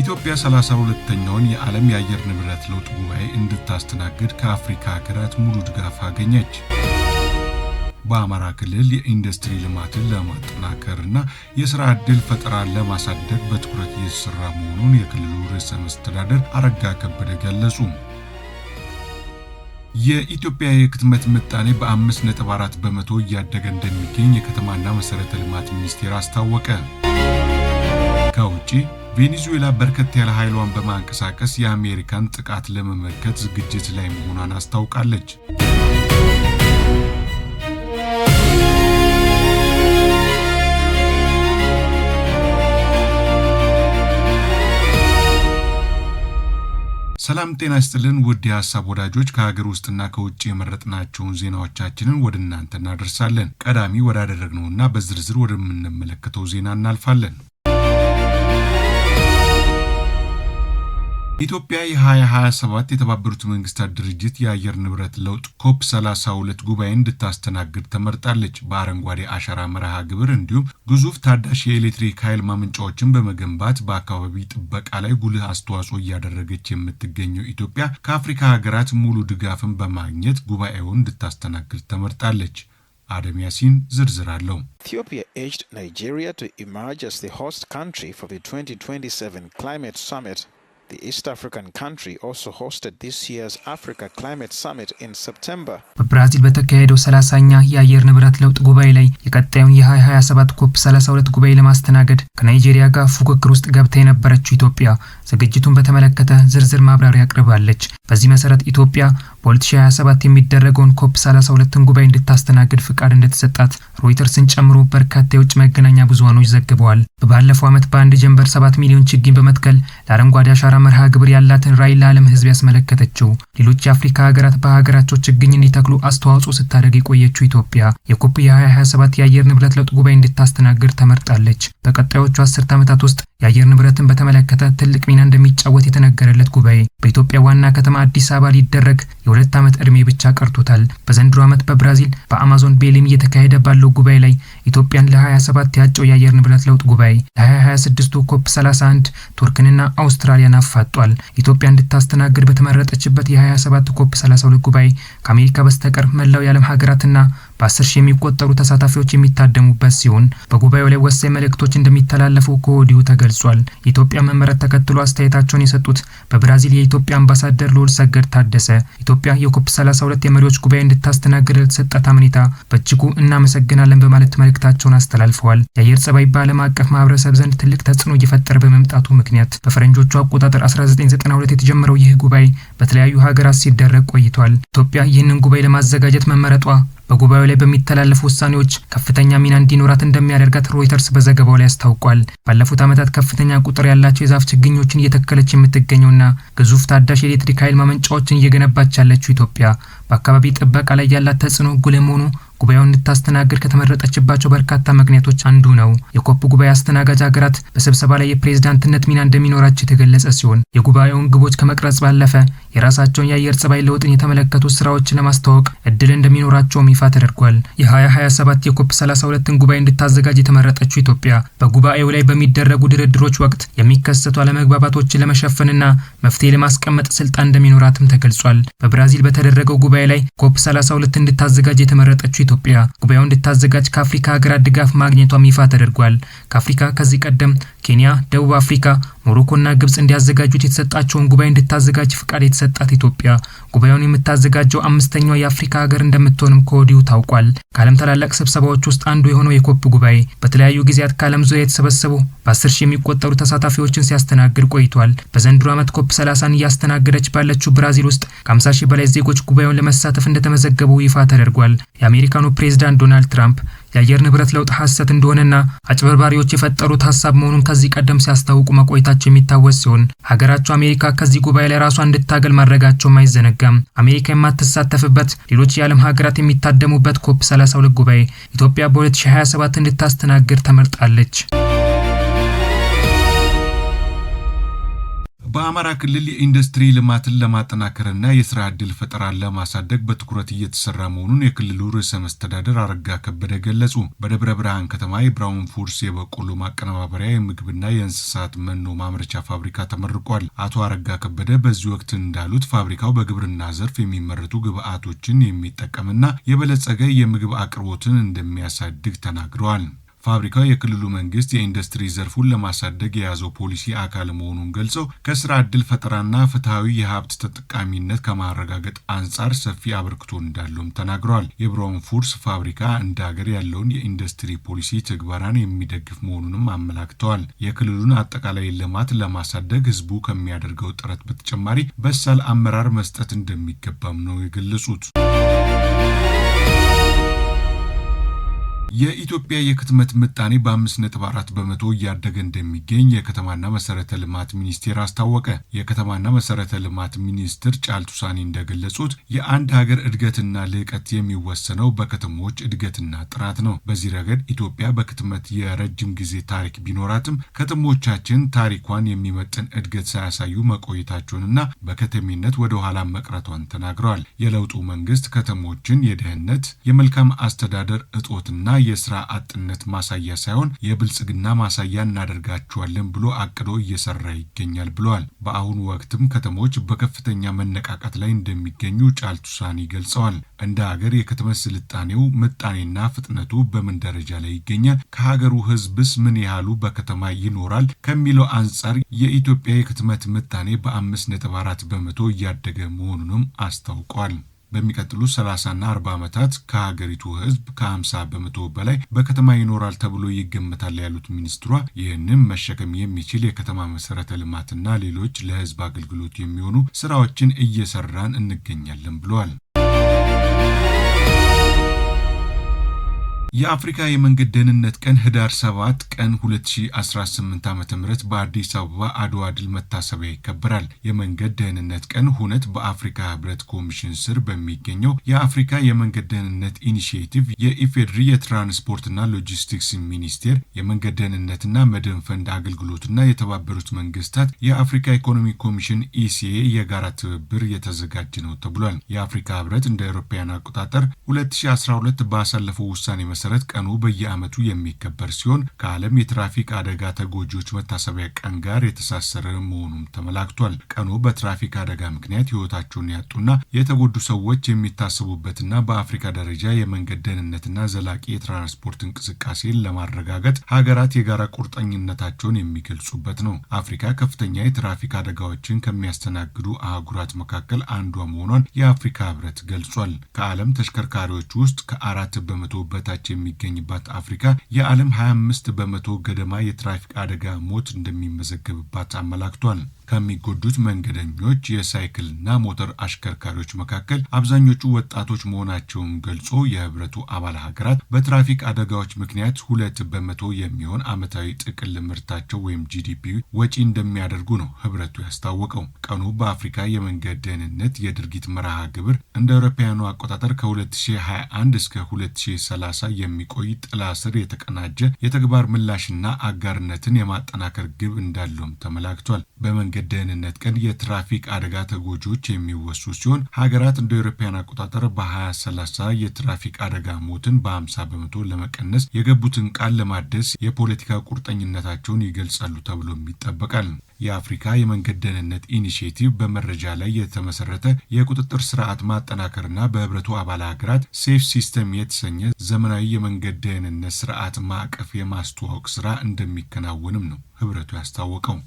ኢትዮጵያ 32ኛውን የዓለም የአየር ንብረት ለውጥ ጉባኤ እንድታስተናግድ ከአፍሪካ ሀገራት ሙሉ ድጋፍ አገኘች። በአማራ ክልል የኢንዱስትሪ ልማትን ለማጠናከር እና የሥራ ዕድል ፈጠራን ለማሳደግ በትኩረት እየተሠራ መሆኑን የክልሉ ርዕሰ መስተዳደር አረጋ ከበደ ገለጹ። የኢትዮጵያ የክትመት ምጣኔ በ5.4 በመቶ እያደገ እንደሚገኝ የከተማና መሠረተ ልማት ሚኒስቴር አስታወቀ። ከውጪ ቬኔዙዌላ በርከት ያለ ኃይሏን በማንቀሳቀስ የአሜሪካን ጥቃት ለመመከት ዝግጅት ላይ መሆኗን አስታውቃለች። ሰላም ጤና ይስጥልን ውድ የሀሳብ ወዳጆች፣ ከሀገር ውስጥና ከውጭ የመረጥናቸውን ዜናዎቻችንን ወደ እናንተ እናደርሳለን። ቀዳሚ ወዳደረግነውና በዝርዝር ወደምንመለከተው ዜና እናልፋለን። ኢትዮጵያ የ2027 የተባበሩት መንግስታት ድርጅት የአየር ንብረት ለውጥ ኮፕ 32 ጉባኤ እንድታስተናግድ ተመርጣለች። በአረንጓዴ አሻራ መርሃ ግብር እንዲሁም ግዙፍ ታዳሽ የኤሌክትሪክ ኃይል ማመንጫዎችን በመገንባት በአካባቢ ጥበቃ ላይ ጉልህ አስተዋጽኦ እያደረገች የምትገኘው ኢትዮጵያ ከአፍሪካ ሀገራት ሙሉ ድጋፍን በማግኘት ጉባኤውን እንድታስተናግድ ተመርጣለች። አደም ያሲን ዝርዝር አለው። ኢትዮጵያ ኤጅድ ናይጄሪያ ቱ ኢመርጅ አስ ዘ ሆስት ካንትሪ ፎር ዘ 2027 ክላይሜት ሳሚት The East African country also hosted this year's Africa Climate Summit in September. በብራዚል በተካሄደው 30ኛ የአየር ንብረት ለውጥ ጉባኤ ላይ የቀጣዩን የ2027 ኮፕ 32 ጉባኤ ለማስተናገድ ከናይጄሪያ ጋር ፉክክር ውስጥ ገብታ የነበረችው ኢትዮጵያ ዝግጅቱን በተመለከተ ዝርዝር ማብራሪያ አቅርባለች። በዚህ መሰረት ኢትዮጵያ በ2027 የሚደረገውን ኮፕ 32ን ጉባኤ እንድታስተናግድ ፍቃድ እንደተሰጣት ሮይተርስን ጨምሮ በርካታ የውጭ መገናኛ ብዙሃኖች ዘግበዋል። በባለፈው ዓመት በአንድ ጀንበር 7 ሚሊዮን ችግኝ በመትከል ለአረንጓዴ አሻራ መርሃ ግብር ያላትን ራዕይ ለዓለም ሕዝብ ያስመለከተችው ሌሎች የአፍሪካ ሀገራት በሀገራቸው ችግኝ እንዲተክሉ አስተዋጽኦ ስታደርግ የቆየችው ኢትዮጵያ የኮፕ የ2027 የአየር ንብረት ለውጥ ጉባኤ እንድታስተናግድ ተመርጣለች። በቀጣዮቹ አስርት ዓመታት ውስጥ የአየር ንብረትን በተመለከተ ትልቅ ሚና እንደሚጫወት የተነገረለት ጉባኤ በኢትዮጵያ ዋና ከተማ አዲስ አበባ ሊደረግ የሁለት ዓመት ዕድሜ ብቻ ቀርቶታል። በዘንድሮ ዓመት በብራዚል በአማዞን ቤሌም እየተካሄደ ባለው ጉባኤ ላይ ኢትዮጵያን ለ27 ያጨው የአየር ንብረት ለውጥ ጉባኤ ለ2026ቱ ኮፕ 31 ቱርክንና አውስትራሊያን አፋጧል። ኢትዮጵያ እንድታስተናግድ በተመረጠችበት የ27 ኮፕ 32 ጉባኤ ከአሜሪካ በስተቀር መላው የዓለም ሀገራትና በአስር ሺህ የሚቆጠሩ ተሳታፊዎች የሚታደሙበት ሲሆን በጉባኤው ላይ ወሳኝ መልእክቶች እንደሚተላለፉ ከወዲሁ ተገልጿል። የኢትዮጵያ መመረት ተከትሎ አስተያየታቸውን የሰጡት በብራዚል የኢትዮጵያ አምባሳደር ልዑል ሰገድ ታደሰ ኢትዮጵያ የኮፕ 32 የመሪዎች ጉባኤ እንድታስተናግድ ለተሰጣት አመኔታ በእጅጉ እናመሰግናለን በማለት መልእክታቸውን አስተላልፈዋል። የአየር ጸባይ በዓለም አቀፍ ማህበረሰብ ዘንድ ትልቅ ተጽዕኖ እየፈጠረ በመምጣቱ ምክንያት በፈረንጆቹ አቆጣጠር 1992 የተጀመረው ይህ ጉባኤ በተለያዩ ሀገራት ሲደረግ ቆይቷል። ኢትዮጵያ ይህንን ጉባኤ ለማዘጋጀት መመረጧ በጉባኤው ላይ በሚተላለፉ ውሳኔዎች ከፍተኛ ሚና እንዲኖራት እንደሚያደርጋት ሮይተርስ በዘገባው ላይ አስታውቋል። ባለፉት ዓመታት ከፍተኛ ቁጥር ያላቸው የዛፍ ችግኞችን እየተከለች የምትገኘውና ግዙፍ ታዳሽ የኤሌክትሪክ ኃይል ማመንጫዎችን እየገነባች ያለችው ኢትዮጵያ በአካባቢ ጥበቃ ላይ ያላት ተጽዕኖ ጉልህ መሆኑ ጉባኤውን እንድታስተናግድ ከተመረጠችባቸው በርካታ ምክንያቶች አንዱ ነው። የኮፕ ጉባኤ አስተናጋጅ ሀገራት በስብሰባ ላይ የፕሬዝዳንትነት ሚና እንደሚኖራቸው የተገለጸ ሲሆን የጉባኤውን ግቦች ከመቅረጽ ባለፈ የራሳቸውን የአየር ጸባይ ለውጥን የተመለከቱ ስራዎችን ለማስተዋወቅ እድል እንደሚኖራቸውም ይፋ ተደርጓል። የ2027 የኮፕ 32ን ጉባኤ እንድታዘጋጅ የተመረጠችው ኢትዮጵያ በጉባኤው ላይ በሚደረጉ ድርድሮች ወቅት የሚከሰቱ አለመግባባቶችን ለመሸፈንና መፍትሄ ለማስቀመጥ ስልጣን እንደሚኖራትም ተገልጿል። በብራዚል በተደረገው ጉባኤ ላይ ኮፕ 32 እንድታዘጋጅ የተመረጠችው ኢትዮጵያ ጉባኤው እንድታዘጋጅ ከአፍሪካ ሀገራት ድጋፍ ማግኘቷም ይፋ ተደርጓል። ከአፍሪካ ከዚህ ቀደም ኬንያ፣ ደቡብ አፍሪካ፣ ሞሮኮና ግብጽ እንዲያዘጋጁት የተሰጣቸውን ጉባኤ እንድታዘጋጅ ፍቃድ የተሰጣት ኢትዮጵያ ጉባኤውን የምታዘጋጀው አምስተኛው የአፍሪካ ሀገር እንደምትሆንም ከወዲሁ ታውቋል። ከዓለም ታላላቅ ስብሰባዎች ውስጥ አንዱ የሆነው የኮፕ ጉባኤ በተለያዩ ጊዜያት ከዓለም ዙሪያ የተሰበሰቡ በአስር ሺህ የሚቆጠሩ ተሳታፊዎችን ሲያስተናግድ ቆይቷል። በዘንድሮ ዓመት ኮፕ ሰላሳን እያስተናገደች ባለችው ብራዚል ውስጥ ከ50 ሺህ በላይ ዜጎች ጉባኤውን ለመሳተፍ እንደተመዘገቡ ይፋ ተደርጓል። የአሜሪካኑ ፕሬዚዳንት ዶናልድ ትራምፕ የአየር ንብረት ለውጥ ሐሰት እንደሆነና አጭበርባሪዎች የፈጠሩት ሀሳብ መሆኑን ከዚህ ቀደም ሲያስታውቁ መቆየታቸው የሚታወስ ሲሆን ሀገራቸው አሜሪካ ከዚህ ጉባኤ ላይ ራሷ እንድታገል ማድረጋቸውም አይዘነጋም። አሜሪካ የማትሳተፍበት ሌሎች የዓለም ሀገራት የሚታደሙበት ኮፕ 32 ጉባኤ ኢትዮጵያ በ2027 እንድታስተናግድ ተመርጣለች። በአማራ ክልል የኢንዱስትሪ ልማትን ለማጠናከርና የስራ ዕድል ፈጠራን ለማሳደግ በትኩረት እየተሰራ መሆኑን የክልሉ ርዕሰ መስተዳደር አረጋ ከበደ ገለጹ። በደብረ ብርሃን ከተማ የብራውን ፉድስ የበቆሎ ማቀነባበሪያ የምግብና የእንስሳት መኖ ማምረቻ ፋብሪካ ተመርቋል። አቶ አረጋ ከበደ በዚህ ወቅት እንዳሉት ፋብሪካው በግብርና ዘርፍ የሚመረቱ ግብዓቶችን የሚጠቀምና የበለጸገ የምግብ አቅርቦትን እንደሚያሳድግ ተናግረዋል። ፋብሪካው የክልሉ መንግስት የኢንዱስትሪ ዘርፉን ለማሳደግ የያዘው ፖሊሲ አካል መሆኑን ገልጸው ከስራ ዕድል ፈጠራና ፍትሐዊ የሀብት ተጠቃሚነት ከማረጋገጥ አንጻር ሰፊ አበርክቶ እንዳለውም ተናግረዋል። የብሮን ፉርስ ፋብሪካ እንደ ሀገር ያለውን የኢንዱስትሪ ፖሊሲ ትግበራን የሚደግፍ መሆኑንም አመላክተዋል። የክልሉን አጠቃላይ ልማት ለማሳደግ ህዝቡ ከሚያደርገው ጥረት በተጨማሪ በሳል አመራር መስጠት እንደሚገባም ነው የገለጹት። የኢትዮጵያ የክትመት ምጣኔ በ5.4 በመቶ እያደገ እንደሚገኝ የከተማና መሰረተ ልማት ሚኒስቴር አስታወቀ። የከተማና መሰረተ ልማት ሚኒስትር ጫልቱ ሳኒ እንደገለጹት የአንድ ሀገር እድገትና ልዕቀት የሚወሰነው በከተሞች እድገትና ጥራት ነው። በዚህ ረገድ ኢትዮጵያ በክትመት የረጅም ጊዜ ታሪክ ቢኖራትም ከተሞቻችን ታሪኳን የሚመጥን እድገት ሳያሳዩ መቆየታቸውንና በከተሜነት ወደ ኋላ መቅረቷን ተናግረዋል። የለውጡ መንግስት ከተሞችን የደህንነት የመልካም አስተዳደር እጦትና የስራ አጥነት ማሳያ ሳይሆን የብልጽግና ማሳያ እናደርጋቸዋለን ብሎ አቅዶ እየሰራ ይገኛል ብለዋል። በአሁኑ ወቅትም ከተሞች በከፍተኛ መነቃቃት ላይ እንደሚገኙ ጫልቱሳኒ ገልጸዋል። እንደ ሀገር የከተሞች ስልጣኔው ምጣኔና ፍጥነቱ በምን ደረጃ ላይ ይገኛል? ከሀገሩ ህዝብስ ምን ያህሉ በከተማ ይኖራል? ከሚለው አንጻር የኢትዮጵያ የከተማ ምጣኔ በአምስት ነጥብ አራት በመቶ እያደገ መሆኑንም አስታውቋል። በሚቀጥሉት 30ና 40 ዓመታት ከሀገሪቱ ህዝብ ከ50 በመቶ በላይ በከተማ ይኖራል ተብሎ ይገመታል ያሉት ሚኒስትሯ ይህንም መሸከም የሚችል የከተማ መሰረተ ልማትና ሌሎች ለህዝብ አገልግሎት የሚሆኑ ስራዎችን እየሰራን እንገኛለን ብለዋል። የአፍሪካ የመንገድ ደህንነት ቀን ህዳር 7 ቀን 2018 ዓ ም በአዲስ አበባ አድዋ ድል መታሰቢያ ይከበራል። የመንገድ ደህንነት ቀን ሁነት በአፍሪካ ህብረት ኮሚሽን ስር በሚገኘው የአፍሪካ የመንገድ ደህንነት ኢኒሽቲቭ የኢፌድሪ የትራንስፖርትና ሎጂስቲክስ ሚኒስቴር የመንገድ ደህንነትና መድን ፈንድ አገልግሎትና የተባበሩት መንግስታት የአፍሪካ ኢኮኖሚ ኮሚሽን ኢሲኤ የጋራ ትብብር የተዘጋጀ ነው ተብሏል። የአፍሪካ ህብረት እንደ አውሮፓውያን አቆጣጠር 2012 ባሳለፈው ውሳኔ መሰረት ቀኑ በየዓመቱ የሚከበር ሲሆን ከዓለም የትራፊክ አደጋ ተጎጂዎች መታሰቢያ ቀን ጋር የተሳሰረ መሆኑም ተመላክቷል። ቀኑ በትራፊክ አደጋ ምክንያት ሕይወታቸውን ያጡና የተጎዱ ሰዎች የሚታሰቡበትና በአፍሪካ ደረጃ የመንገድ ደህንነትና ዘላቂ የትራንስፖርት እንቅስቃሴን ለማረጋገጥ ሀገራት የጋራ ቁርጠኝነታቸውን የሚገልጹበት ነው። አፍሪካ ከፍተኛ የትራፊክ አደጋዎችን ከሚያስተናግዱ አህጉራት መካከል አንዷ መሆኗን የአፍሪካ ሕብረት ገልጿል። ከዓለም ተሽከርካሪዎች ውስጥ ከአራት በመቶ በታች የሚገኝባት አፍሪካ የዓለም 25 በመቶ ገደማ የትራፊክ አደጋ ሞት እንደሚመዘገብባት አመላክቷል። ከሚጎዱት መንገደኞች የሳይክልና ሞተር አሽከርካሪዎች መካከል አብዛኞቹ ወጣቶች መሆናቸውን ገልጾ የህብረቱ አባል ሀገራት በትራፊክ አደጋዎች ምክንያት ሁለት በመቶ የሚሆን ዓመታዊ ጥቅል ምርታቸው ወይም ጂዲፒ ወጪ እንደሚያደርጉ ነው ህብረቱ ያስታወቀው። ቀኑ በአፍሪካ የመንገድ ደህንነት የድርጊት መርሃ ግብር እንደ አውሮፓውያኑ አቆጣጠር ከ2021 እስከ 2030 የሚቆይ ጥላ ስር የተቀናጀ የተግባር ምላሽና አጋርነትን የማጠናከር ግብ እንዳለውም ተመላክቷል። በመንገድ የመንገድ ደህንነት ቀን የትራፊክ አደጋ ተጎጂዎች የሚወሱ ሲሆን ሀገራት እንደ አውሮፓውያን አቆጣጠር በ2030 የትራፊክ አደጋ ሞትን በ50 በመቶ ለመቀነስ የገቡትን ቃል ለማደስ የፖለቲካ ቁርጠኝነታቸውን ይገልጻሉ ተብሎም ይጠበቃል። የአፍሪካ የመንገድ ደህንነት ኢኒሽቲቭ በመረጃ ላይ የተመሰረተ የቁጥጥር ስርዓት ማጠናከርና በህብረቱ አባል ሀገራት ሴፍ ሲስተም የተሰኘ ዘመናዊ የመንገድ ደህንነት ስርዓት ማዕቀፍ የማስተዋወቅ ስራ እንደሚከናወንም ነው ህብረቱ ያስታወቀው።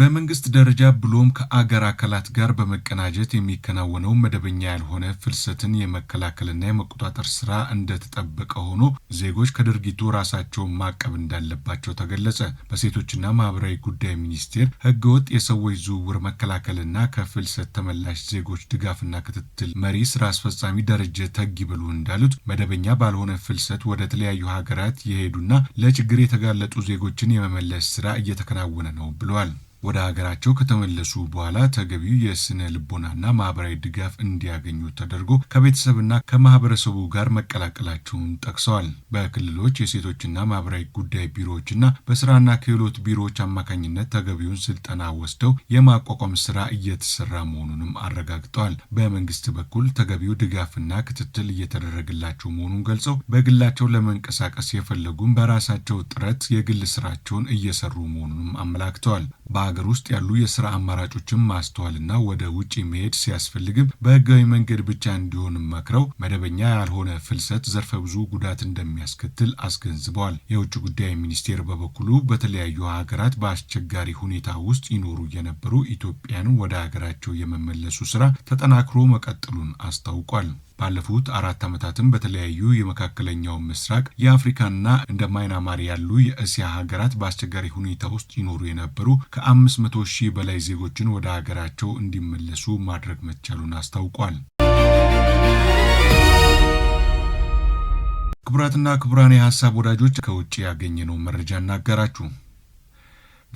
በመንግስት ደረጃ ብሎም ከአገር አካላት ጋር በመቀናጀት የሚከናወነው መደበኛ ያልሆነ ፍልሰትን የመከላከልና የመቆጣጠር ስራ እንደተጠበቀ ሆኖ ዜጎች ከድርጊቱ ራሳቸውን ማቀብ እንዳለባቸው ተገለጸ። በሴቶችና ማህበራዊ ጉዳይ ሚኒስቴር ህገወጥ የሰዎች ዝውውር መከላከልና ከፍልሰት ተመላሽ ዜጎች ድጋፍና ክትትል መሪ ስራ አስፈጻሚ ደረጀ ተግይበሉ እንዳሉት መደበኛ ባልሆነ ፍልሰት ወደ ተለያዩ ሀገራት የሄዱና ለችግር የተጋለጡ ዜጎችን የመመለስ ስራ እየተከናወነ ነው ብለዋል። ወደ ሀገራቸው ከተመለሱ በኋላ ተገቢው የስነ ልቦናና ማህበራዊ ድጋፍ እንዲያገኙ ተደርጎ ከቤተሰብና ከማህበረሰቡ ጋር መቀላቀላቸውን ጠቅሰዋል። በክልሎች የሴቶችና ማህበራዊ ጉዳይ ቢሮዎችና በስራና ክህሎት ቢሮዎች አማካኝነት ተገቢውን ስልጠና ወስደው የማቋቋም ስራ እየተሰራ መሆኑንም አረጋግጠዋል። በመንግስት በኩል ተገቢው ድጋፍና ክትትል እየተደረገላቸው መሆኑን ገልጸው በግላቸው ለመንቀሳቀስ የፈለጉም በራሳቸው ጥረት የግል ስራቸውን እየሰሩ መሆኑንም አመላክተዋል። በሀገር ውስጥ ያሉ የስራ አማራጮችን ማስተዋልና ወደ ውጭ መሄድ ሲያስፈልግም በህጋዊ መንገድ ብቻ እንዲሆን መክረው መደበኛ ያልሆነ ፍልሰት ዘርፈ ብዙ ጉዳት እንደሚያስከትል አስገንዝበዋል። የውጭ ጉዳይ ሚኒስቴር በበኩሉ በተለያዩ ሀገራት በአስቸጋሪ ሁኔታ ውስጥ ይኖሩ የነበሩ ኢትዮጵያን ወደ ሀገራቸው የመመለሱ ስራ ተጠናክሮ መቀጠሉን አስታውቋል። ባለፉት አራት ዓመታትም በተለያዩ የመካከለኛው ምስራቅ የአፍሪካና እንደ ማይናማሪ ያሉ የእስያ ሀገራት በአስቸጋሪ ሁኔታ ውስጥ ይኖሩ የነበሩ ከአምስት መቶ ሺህ በላይ ዜጎችን ወደ ሀገራቸው እንዲመለሱ ማድረግ መቻሉን አስታውቋል። ክቡራትና ክቡራን የሀሳብ ወዳጆች ከውጭ ያገኘነው መረጃ እናጋራችሁ።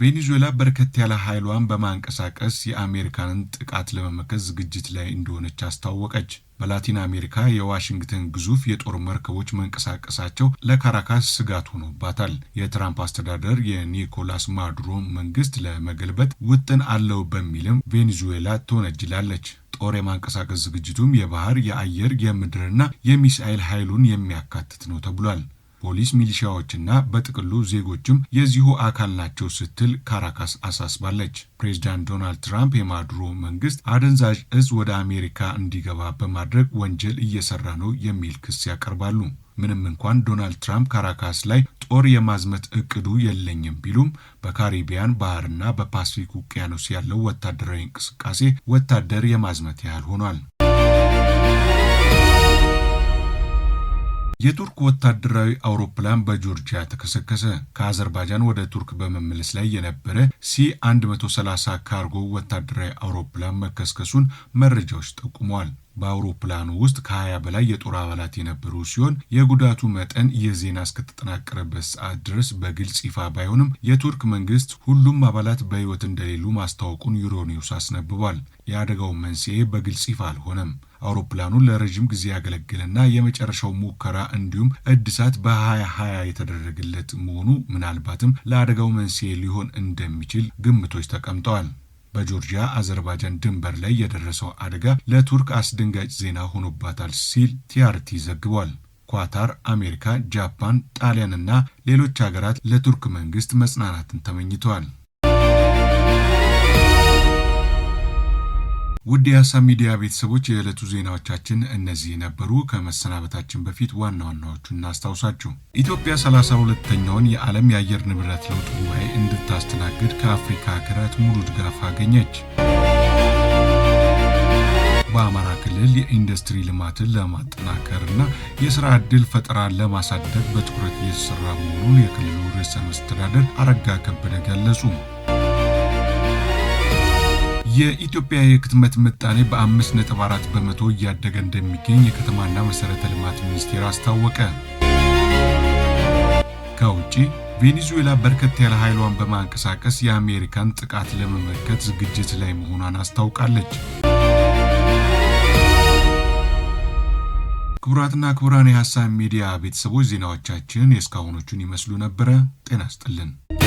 ቬኔዙዌላ በርከት ያለ ኃይሏን በማንቀሳቀስ የአሜሪካንን ጥቃት ለመመከት ዝግጅት ላይ እንደሆነች አስታወቀች። በላቲን አሜሪካ የዋሽንግተን ግዙፍ የጦር መርከቦች መንቀሳቀሳቸው ለካራካስ ስጋት ሆኖባታል። የትራምፕ አስተዳደር የኒኮላስ ማዱሮ መንግስት ለመገልበጥ ውጥን አለው በሚልም ቬኔዙዌላ ትወነጅላለች። ጦር የማንቀሳቀስ ዝግጅቱም የባህር፣ የአየር፣ የምድርና የሚሳኤል ኃይሉን የሚያካትት ነው ተብሏል። ፖሊስ፣ ሚሊሻዎችና በጥቅሉ ዜጎችም የዚሁ አካል ናቸው ስትል ካራካስ አሳስባለች። ፕሬዚዳንት ዶናልድ ትራምፕ የማዱሮ መንግስት አደንዛዥ እጽ ወደ አሜሪካ እንዲገባ በማድረግ ወንጀል እየሰራ ነው የሚል ክስ ያቀርባሉ። ምንም እንኳን ዶናልድ ትራምፕ ካራካስ ላይ ጦር የማዝመት እቅዱ የለኝም ቢሉም በካሪቢያን ባህርና በፓስፊክ ውቅያኖስ ያለው ወታደራዊ እንቅስቃሴ ወታደር የማዝመት ያህል ሆኗል። የቱርክ ወታደራዊ አውሮፕላን በጆርጂያ ተከሰከሰ። ከአዘርባጃን ወደ ቱርክ በመመለስ ላይ የነበረ ሲ 130 ካርጎ ወታደራዊ አውሮፕላን መከስከሱን መረጃዎች ጠቁመዋል። በአውሮፕላኑ ውስጥ ከ20 በላይ የጦር አባላት የነበሩ ሲሆን የጉዳቱ መጠን የዜና እስከተጠናቀረበት ሰዓት ድረስ በግልጽ ይፋ ባይሆንም የቱርክ መንግስት ሁሉም አባላት በሕይወት እንደሌሉ ማስታወቁን ዩሮኒውስ አስነብቧል። የአደጋው መንስኤ በግልጽ ይፋ አልሆነም። አውሮፕላኑ ለረዥም ጊዜ ያገለገለና የመጨረሻው ሙከራ እንዲሁም እድሳት በ2020 የተደረገለት መሆኑ ምናልባትም ለአደጋው መንስኤ ሊሆን እንደሚችል ግምቶች ተቀምጠዋል። በጆርጂያ አዘርባይጃን ድንበር ላይ የደረሰው አደጋ ለቱርክ አስደንጋጭ ዜና ሆኖባታል ሲል ቲአርቲ ዘግቧል። ኳታር፣ አሜሪካ፣ ጃፓን፣ ጣሊያንና ሌሎች ሀገራት ለቱርክ መንግስት መጽናናትን ተመኝተዋል። ውድ የሀሳብ ሚዲያ ቤተሰቦች የዕለቱ ዜናዎቻችን እነዚህ ነበሩ። ከመሰናበታችን በፊት ዋና ዋናዎቹን እናስታውሳችሁ። ኢትዮጵያ 32ኛውን የዓለም የአየር ንብረት ለውጥ ጉባኤ እንድታስተናግድ ከአፍሪካ ሀገራት ሙሉ ድጋፍ አገኘች። በአማራ ክልል የኢንዱስትሪ ልማትን ለማጠናከርና የሥራ ዕድል ፈጠራን ለማሳደግ በትኩረት እየተሠራ መሆኑን የክልሉ ርዕሰ መስተዳደር አረጋ ከበደ ገለጹ። የኢትዮጵያ የክትመት ምጣኔ በ5.4 በመቶ እያደገ እንደሚገኝ የከተማና መሠረተ ልማት ሚኒስቴር አስታወቀ። ከውጭ ቬኔዙዌላ በርከት ያለ ኃይሏን በማንቀሳቀስ የአሜሪካን ጥቃት ለመመከት ዝግጅት ላይ መሆኗን አስታውቃለች። ክቡራትና ክቡራን የሀሳብ ሚዲያ ቤተሰቦች ዜናዎቻችን የእስካሁኖቹን ይመስሉ ነበረ። ጤና ይስጥልን።